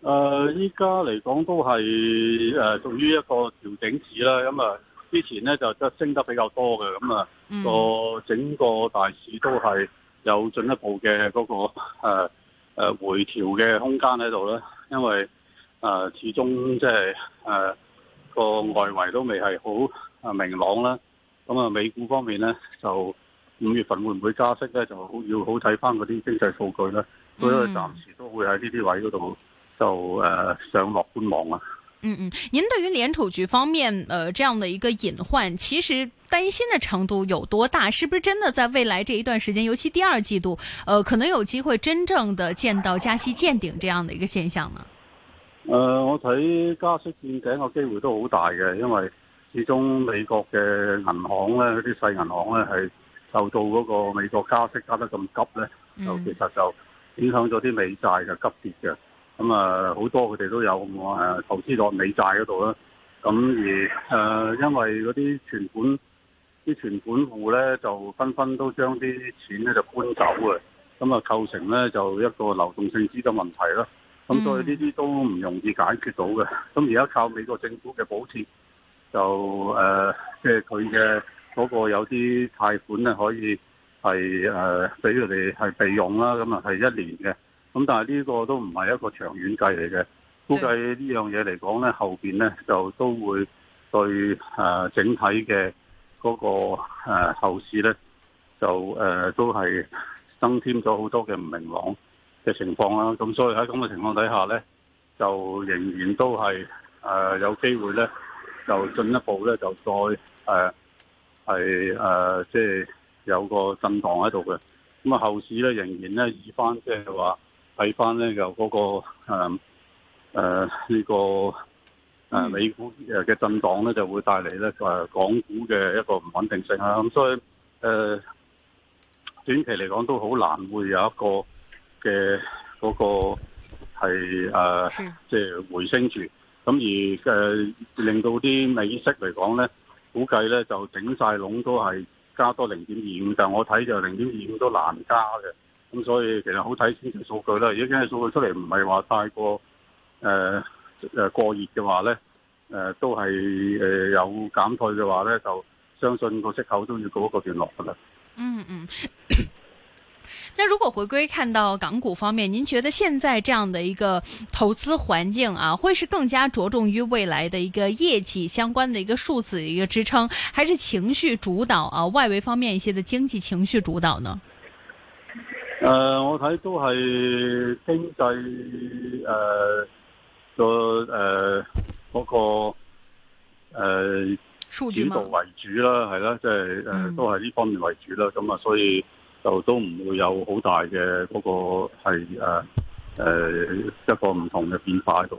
誒、呃，依家嚟講都係誒，屬、呃、於一個調整市啦。咁、嗯、啊，之前咧就即係升得比較多嘅，咁、嗯、啊、嗯那個整個大市都係有進一步嘅嗰、那個誒誒、啊啊、回調嘅空間喺度啦。因為誒、啊、始終即係誒個外圍都未係好明朗啦。咁啊，美股方面咧就五月份會唔會加息咧，就要好睇翻嗰啲經濟數據咧。所以暫時都會喺呢啲位嗰度。就誒、呃、上落觀望啊。嗯嗯，您對於聯儲局方面呃，這樣的一個隱患，其實擔心的程度有多大？是不是真的在未來這一段時間，尤其第二季度，呃，可能有機會真正的見到加息見頂這樣的一個現象呢？呃，我睇加息見頂嘅機會都好大嘅，因為始終美國嘅銀行咧，啲細銀行咧係受到嗰個美國加息加得咁急咧、嗯，就其實就影響咗啲美債嘅急跌嘅。咁啊，好多佢哋都有咁啊，投資落美債嗰度啦。咁而誒、呃，因為嗰啲存款、啲存款戶咧，就紛紛都將啲錢咧就搬走嘅。咁啊，構成咧就一個流動性資金問題啦。咁所以呢啲都唔容易解決到嘅。咁而家靠美國政府嘅補貼，就誒即係佢嘅嗰個有啲貸款咧，可以係誒俾佢哋係備用啦。咁啊，係一年嘅。咁但係呢個都唔係一個長遠計嚟嘅，估計呢樣嘢嚟講咧，後邊咧就都會對誒整體嘅嗰個誒後市咧，就誒、呃、都係增添咗好多嘅唔明朗嘅情況啦。咁所以喺咁嘅情況底下咧，就仍然都係誒、呃、有機會咧，就進一步咧就再誒係誒即係有個震盪喺度嘅。咁啊後市咧仍然咧以翻即係話。睇翻咧，就、嗯、嗰、呃這個誒誒呢個誒美股誒嘅震盪咧，就會帶嚟咧誒港股嘅一個唔穩定性啊。咁所以誒、呃、短期嚟講都好難會有一個嘅嗰、那個係誒即係回升住。咁而誒、呃、令到啲美息嚟講咧，估計咧就整晒籠都係加多零點二五，但我睇就零點二五都難加嘅。咁所以其實好睇市場數據啦，如果經濟數據出嚟唔係話太過誒誒過熱嘅話咧，誒都係誒有減退嘅話咧，就相信個息口都要告一個段落噶啦。嗯嗯，那如果回歸看到港股方面，您覺得現在這樣的一個投資環境啊，會是更加着重於未來的一個業績相關的一個數字一個支撐，還是情緒主導啊？外圍方面一些的經濟情緒主導呢？誒、呃，我睇都係經濟誒嘅誒個誒、呃、主導為主啦，係啦，即係誒都係呢方面為主啦。咁啊，所以就都唔會有好大嘅、嗰個係誒誒一個唔同嘅變化喺度。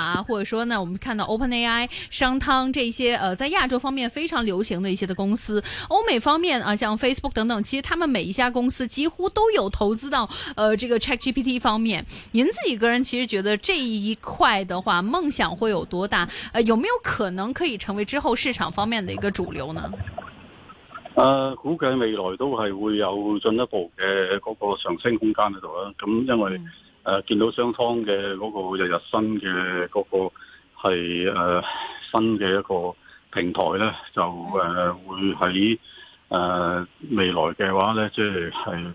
啊，或者說呢，我們看到 OpenAI、商湯這些呃，在亞洲方面非常流行的一些的公司，歐美方面啊、呃，像 Facebook 等等，其實他們每一家公司幾乎都有投資到呃這個 ChatGPT 方面。您自己個人其實覺得這一塊的話，夢想會有多大？呃，有沒有可能可以成為之後市場方面的一個主流呢？呃，估計未來都係會有進一步嘅嗰個上升空間喺度啦。咁因為、嗯誒、啊，見到商湯嘅嗰個日日新嘅嗰個係誒、啊、新嘅一個平台咧，就誒、啊、會喺誒、啊、未來嘅話咧，即係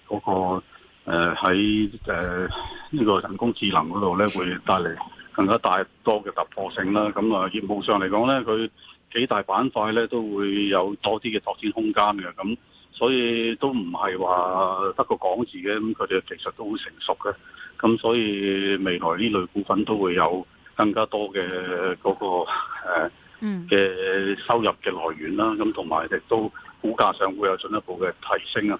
嗰個誒喺誒呢個人工智能嗰度咧，會帶嚟更加大多嘅突破性啦。咁啊，業務上嚟講咧，佢幾大板塊咧都會有多啲嘅拓展空間嘅。咁所以都唔係話得個講字嘅，咁佢哋其實都好成熟嘅。咁所以未來呢類股份都會有更加多嘅嗰個誒、嗯、收入嘅來源啦，咁同埋亦都股價上會有進一步嘅提升啊！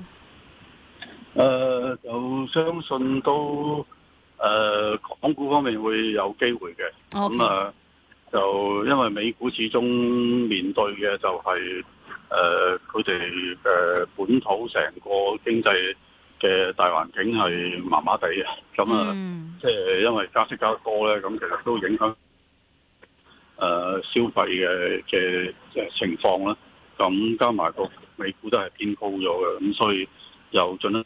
誒、uh，就相信都誒，uh, 港股方面會有機會嘅。咁啊，就因為美股始終面對嘅就係、是、誒，佢哋誒本土成個經濟嘅大環境係麻麻哋嘅。咁啊，即係因為加息加得多咧，咁其實都影響誒、uh, 消費嘅嘅誒情況啦。咁加埋個美股都係偏高咗嘅，咁所以又進一步。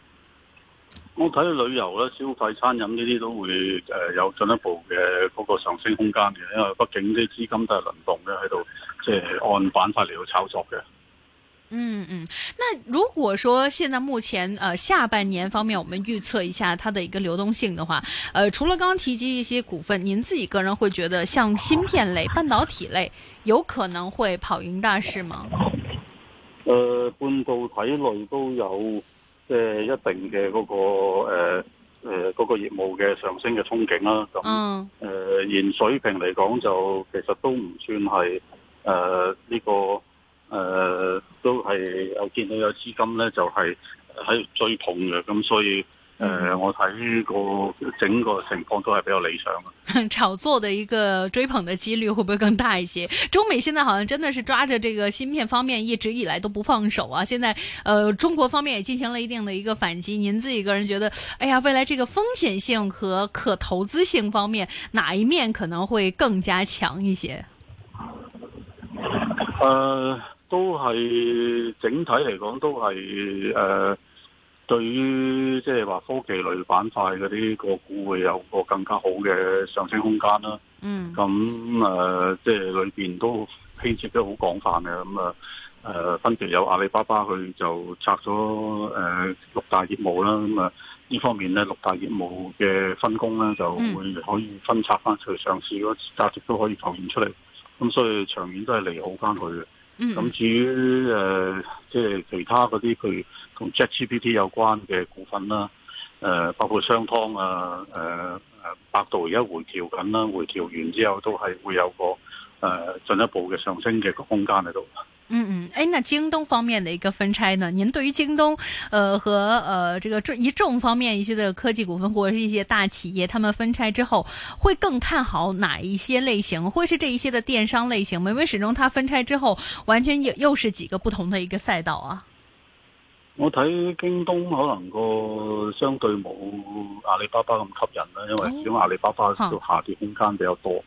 我睇旅遊啦、消費、餐飲呢啲都會誒有進一步嘅嗰個上升空間嘅，因為畢竟啲資金都係輪動嘅，喺度，即係按板塊嚟到操作嘅。嗯嗯，那如果說現在目前呃下半年方面，我們預測一下它的一個流動性嘅話，呃，除了剛剛提及一些股份，您自己個人會覺得，像芯片類、半導體類，有可能會跑贏大市嗎？呃，半導體類都有。即係一定嘅嗰、嗰個誒誒嗰個業務嘅上升嘅憧憬啦，咁誒現水平嚟講就其實都唔算係誒呢個誒、呃、都係我見到有資金咧，就係喺度追捧嘅，咁所以。呃、我睇個整個情況都係比較理想嘅。 炒作的一個追捧的幾率會不會更大一些？中美現在好像真的是抓着這個芯片方面，一直以來都不放手啊！現在，呃、中國方面也進行了一定的一個反擊。您自己個人覺得，哎呀，未來這個風險性和可投資性方面，哪一面可能會更加強一些？呃、都係整體嚟講，都係呃。對於即係話科技類板塊嗰啲個股會有個更加好嘅上升空間啦。嗯，咁誒、呃、即係裏邊都牽涉得好廣泛嘅。咁啊誒，分、呃、別、呃、有阿里巴巴佢就拆咗誒、呃、六大業務啦。咁啊呢方面咧，六大業務嘅分工咧就會可以分拆翻，去上市嗰價值都可以浮現出嚟。咁、嗯、所以長遠都係利好翻佢嘅。咁、嗯、至於誒，即、呃、係其他嗰啲佢同 ChatGPT 有關嘅股份啦，誒、呃、包括商湯啊、誒、呃、誒百度而家回調緊啦，回調完之後都係會有個誒、呃、進一步嘅上升嘅個空間喺度。嗯嗯，哎，那京東方面的一個分拆呢？您對於京東，呃，和呃這個這一眾方面一些的科技股份或者是一些大企業，他們分拆之後，會更看好哪一些類型？會是這一些的電商類型？每每始終它分拆之後，完全又又是幾個不同的一個賽道啊。我睇京東可能個相對冇阿里巴巴咁吸引啦，因為始終阿里巴巴就下跌空間比較多。嗯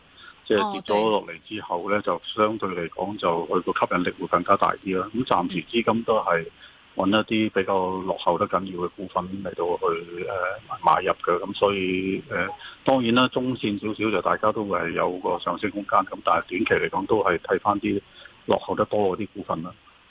即係跌咗落嚟之後咧，就相對嚟講就佢個吸引力會更加大啲啦。咁暫時資金都係搵一啲比較落後得緊要嘅股份嚟到去誒買入嘅。咁所以誒當然啦，中線少少就大家都係有個上升空間。咁但係短期嚟講都係睇翻啲落後得多嗰啲股份啦。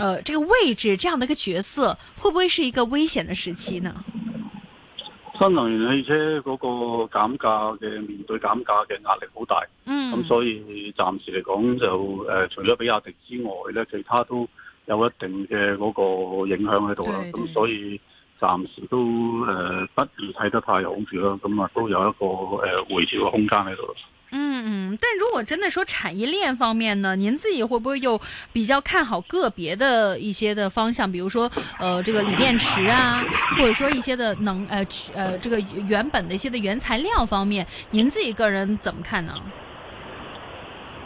誒、呃，這個位置這樣的一個角色，會不會是一個危險的時期呢？新能源汽車嗰個減價嘅，面對減價嘅壓力好大，嗯，咁、嗯、所以暫時嚟講就誒、呃，除咗比亞迪之外咧，其他都有一定嘅嗰個影響喺度啦。咁、嗯、所以暫時都誒、呃，不如睇得太好懼好處啦。咁、嗯、啊，都有一個誒、呃、回調嘅空間喺度。嗯，但如果真的說產業鏈方面呢，您自己會不會又比較看好個別的一些的方向，比如說，呃，這個鋰電池啊，或者說一些的能，呃，呃，這個原本的一些的原材料方面，您自己個人怎麼看呢？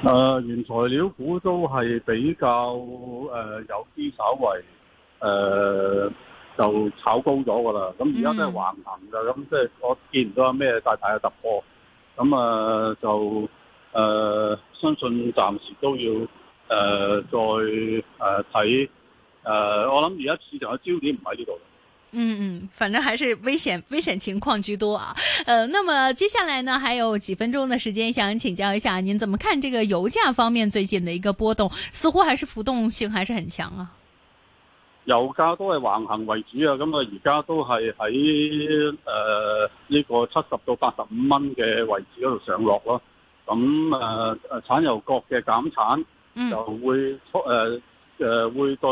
呃，原材料股都係比較呃有啲稍微呃就炒高咗噶啦，咁而家都係橫行噶，咁即係我見唔到有咩太大嘅突破。咁、嗯、啊，就誒，相信暫時都要誒，再誒睇誒，我諗而家市場嘅焦點唔喺呢度。嗯嗯，反正還是危險危險情況居多啊。呃，那麼接下來呢，還有幾分鐘的時間，想請教一下您，怎麼看這個油價方面最近的一個波動，似乎還是浮動性還是很強啊？油價都係橫行為主啊，咁啊而家都係喺誒呢個七十到八十五蚊嘅位置嗰度上落咯。咁誒誒產油國嘅減產就會誒誒、呃、會對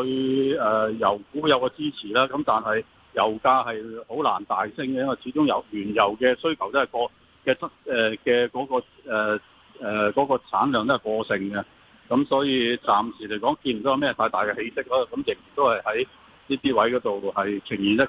誒、呃、油股有個支持啦。咁但係油價係好難大升嘅，因為始終油原油嘅需求都係過嘅質誒嘅嗰個誒誒嗰個產量都係過剩嘅。咁所以暫時嚟講見唔到有咩太大嘅起色咯，咁亦都係喺呢啲位嗰度係呈現一個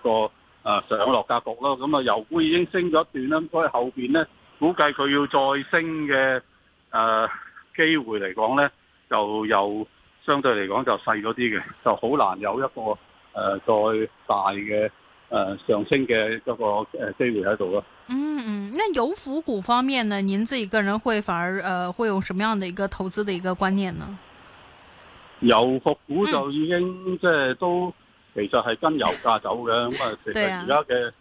誒上落格局咯。咁啊，油股已經升咗一段啦，咁所以後邊咧估計佢要再升嘅誒、呃、機會嚟講咧，就又相對嚟講就細咗啲嘅，就好難有一個誒、呃、再大嘅。誒、呃，上升嘅嗰、這個誒機、呃、會喺度咯。嗯，嗯，那油服股方面呢？您自己個人會反而誒、呃，會有什麼樣的一個投資的一個觀念呢？油服股就已經、嗯、即係都其實係跟油價走嘅。咁啊，其實而家嘅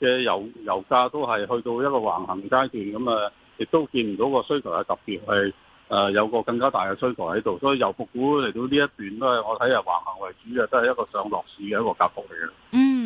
嘅油油價都係去到一個橫行階段。咁、嗯、啊，亦都見唔到個需求係特別係誒，有個更加大嘅需求喺度。所以油服股嚟到呢一段都係我睇下橫行為主嘅，都係一個上落市嘅一個格局嚟嘅。嗯。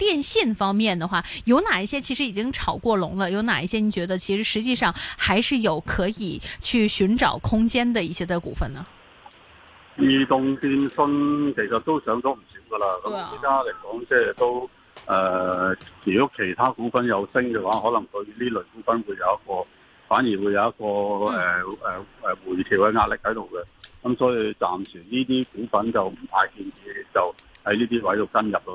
電信方面的話，有哪一些其實已經炒過龍了？有哪一些你覺得其實實際上還是有可以去尋找空間的一些的股份呢？移動電信其實都上咗唔少噶啦，咁而家嚟講即係都誒、呃，如果其他股份有升嘅話，可能對呢類股份會有一個反而會有一個誒誒誒回調嘅壓力喺度嘅，咁、嗯、所以暫時呢啲股份就唔太建議就喺呢啲位度進入咯。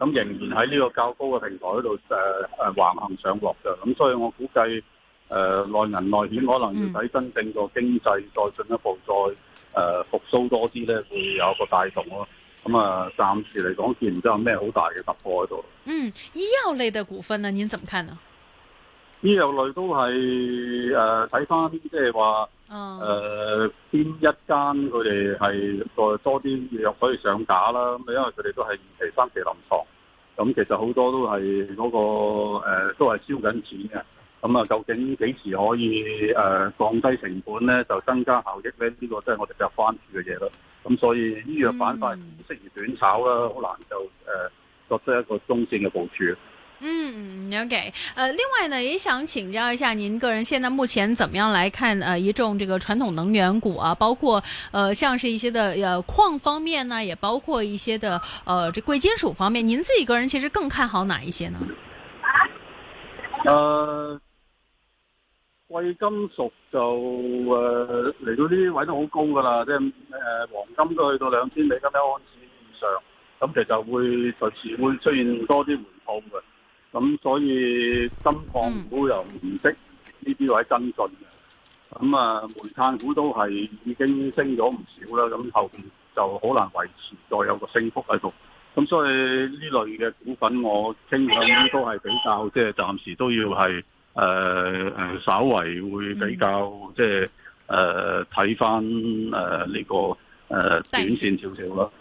咁、嗯、仍然喺呢個較高嘅平台喺度誒誒橫行上落嘅，咁所以我估計誒、呃、內銀內險可能要睇真正個經濟再進一步再誒、呃、復甦多啲咧，會有個帶動咯。咁啊，暫時嚟講見唔到有咩好大嘅突破喺度。嗯，醫藥類嘅股份呢？您怎麼看呢？醫藥類都係誒睇翻啲即係話。呃誒、uh, 邊、呃、一間佢哋係再多啲藥可以上架啦，咁因為佢哋都係二期、三期臨床，咁其實好多都係嗰、那個、呃、都係燒緊錢嘅，咁啊究竟幾時可以誒、呃、降低成本咧，就增加效益咧？呢、這個都係我哋要關注嘅嘢咯。咁所以醫藥板塊唔適宜短炒啦，好難就誒、呃、作出一個中性嘅部署。嗯，OK，呃另外呢，也想請教一下您個人，現在目前怎麼樣來看？呃一眾這，這個傳統能源股啊，包括呃像是一些的呃礦方面呢，啊，也包括一些的呃這貴金屬方面，您自己個人其實更看好哪一些呢？呃貴金屬就呃嚟到呢啲位都好高噶啦，即係誒、呃、黃金都去到兩千美金一盎司以上，咁其實就會隨時會出現多啲回吐嘅。咁所以金礦股又唔識呢啲位增進嘅，咁啊煤炭股都係已經升咗唔少啦，咁後邊就好難維持再有個升幅喺度。咁所以呢類嘅股份我傾向於都係比較，即係暫時都要係誒誒，稍微會比較即係誒睇翻誒呢個誒短線少少咯。